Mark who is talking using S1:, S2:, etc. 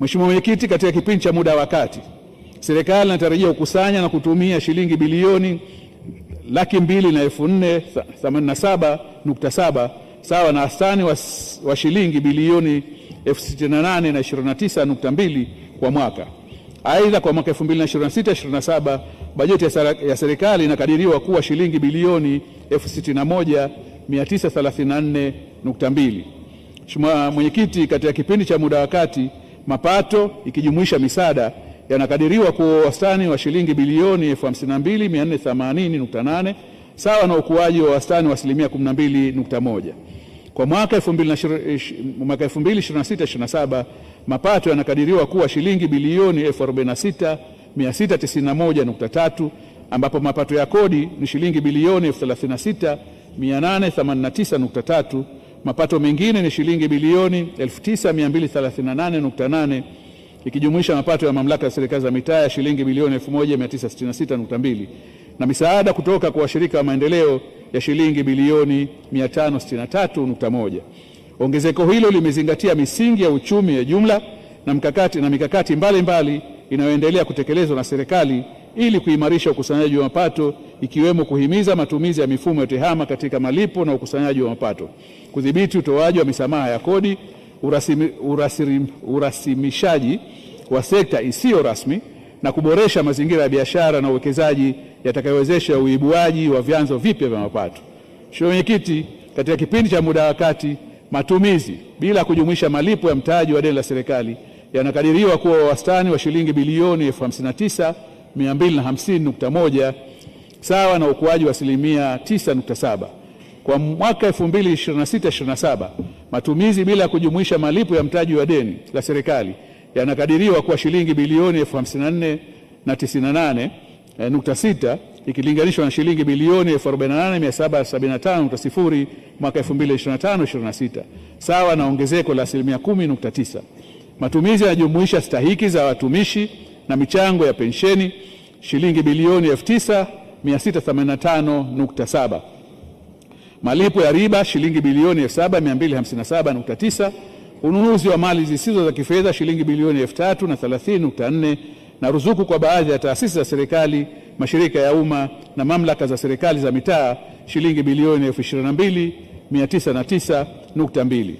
S1: Mheshimiwa Mwenyekiti, katika kipindi cha muda wa kati serikali inatarajia kukusanya na kutumia shilingi bilioni laki mbili na elfu nne themanini na saba nukta saba sawa na wastani wa, wa shilingi bilioni elfu sitini na nane na ishirini na tisa nukta mbili kwa mwaka. Aidha, kwa mwaka 2026 27 bajeti ya serikali inakadiriwa kuwa shilingi bilioni 61934.2. Mheshimiwa Mwenyekiti, katika kipindi cha muda wa kati mapato ikijumuisha misaada yanakadiriwa kuwa wastani wa shilingi bilioni 52480.8 sawa na ukuaji wa wastani wa asilimia 12.1. Kwa mwaka 2026/27 mapato yanakadiriwa kuwa shilingi bilioni 46691.3 ambapo mapato ya kodi ni shilingi bilioni 36889.3 Mapato mengine ni shilingi bilioni 9238.8 ikijumuisha mapato ya mamlaka ya serikali za mitaa ya shilingi bilioni 1966.2 na misaada kutoka kwa washirika wa maendeleo ya shilingi bilioni 563.1. Ongezeko hilo limezingatia misingi ya uchumi ya jumla na mkakati na mikakati mbalimbali inayoendelea kutekelezwa na serikali ili kuimarisha ukusanyaji wa mapato ikiwemo kuhimiza matumizi ya mifumo ya tehama katika malipo na ukusanyaji wa mapato, kudhibiti utoaji wa misamaha ya kodi, urasimi, urasimi, urasimishaji wa sekta isiyo rasmi na kuboresha mazingira ya biashara na uwekezaji yatakayowezesha uibuaji wa vyanzo vipya vya mapato. Mheshimiwa Mwenyekiti, katika kipindi cha muda wa kati, matumizi bila kujumuisha malipo ya mtaji wa deni la serikali yanakadiriwa kuwa wastani wa shilingi bilioni elfu 250.1 sawa na ukuaji wa asilimia 9.7. Kwa mwaka 2026/27 matumizi bila kujumuisha malipo ya mtaji wa deni la serikali yanakadiriwa kuwa shilingi bilioni 54986 ikilinganishwa na shilingi bilioni 48,775.0 mwaka 2025/26 sawa na ongezeko la asilimia 10.9. Matumizi yanajumuisha stahiki za watumishi na michango ya pensheni shilingi bilioni 9685.7, malipo ya riba shilingi bilioni 7257.9, ununuzi wa mali zisizo za kifedha shilingi bilioni 3030.4, na na ruzuku kwa baadhi ya taasisi za serikali, mashirika ya umma na mamlaka za serikali za mitaa shilingi bilioni 22,909.2.